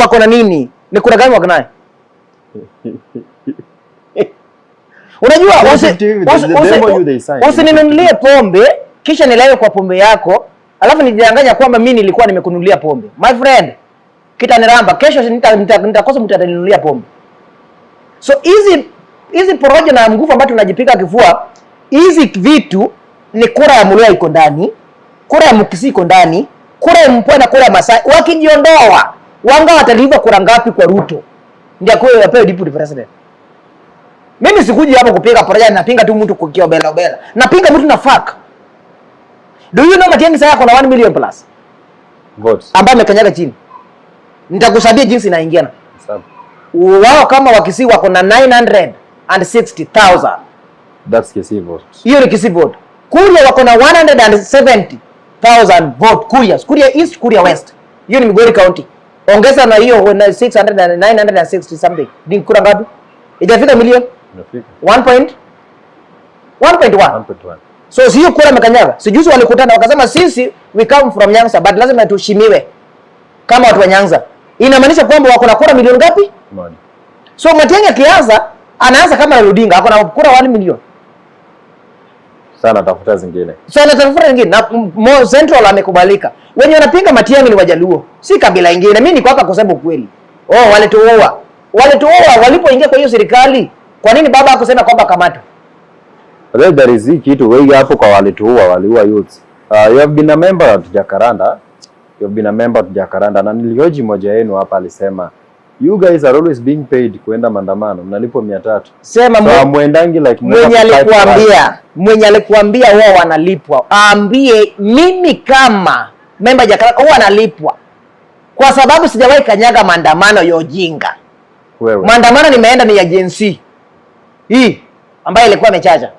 wako na nini? Ni kura gani wako naye? Unajua, usininunulie pombe kisha nilewe kwa pombe yako, alafu nijidanganya kwamba mimi nilikuwa nimekununulia pombe. My friend, kitaniramba kesho, nitakosa mtu ataninunulia pombe. So hizi hizi porojo na nguvu ambayo tunajipika kifua, hizi vitu ni kura ya Muluya iko ndani, kura ya mkisi iko ndani kura na kura Masai. Wakijiondoa wanga watalipa kura ngapi kwa Ruto ndio kwa wapewe deputy president? Mimi sikuji hapa kupiga pamoja, yaani napinga tu mtu kukio bela bela, napinga mtu na fuck. Do you know Matiang'i sasa kuna 1 million plus votes ambaye amekanyaga chini. nitakusabia jinsi inaingia inaingiana wao kama wakisi wako na 960,000 that's Kisii vote, hiyo ni Kisii vote. Kuria wako na 170 thousand vote couriers, Kuria east, Kuria west. Hiyo ni Migori County. Ongeza na hiyo 600 960 something. Ni kura ngapi? Ijafika milioni? Inafika. 1.1. 1.1. So sio kura mekanyaga. Sijuzi walikutana wakasema sisi we come from Nyanza but lazima tuheshimiwe kama watu wa Nyanza. Inamaanisha kwamba wako na kura milioni ngapi? Moja. So Matiang'i akianza anaanza kama Odinga, ako na kura 1 milioni sana, tafuta zingine sana, tafuta zingine na Mo Central amekubalika. Wenye wanapinga Matiang'i ni Wajaluo, si kabila ingine. Mimi niko hapa kwa sababu kweli, oh, wale tuoa wale tuoa walipoingia kwa hiyo serikali, kwa nini baba akusema kwamba kamata There is kitu wengi hapo kwa wale tuoa waliua youth. Uh, ah, you have been a member of Jacaranda, you have been a member of Jacaranda, na nilioji moja yenu hapa alisema You guys are always being paid kuenda maandamano, mnalipwa mia tatu. Sema so, mwendangi like mwenye alikuambia, mwenye alikuambia wao wanalipwa, aambie mimi kama memba ya Karaka wao wanalipwa, kwa sababu sijawahi kanyaga maandamano ya ujinga. Wewe maandamano nimeenda ni ya jinsi hii ambayo ilikuwa imechacha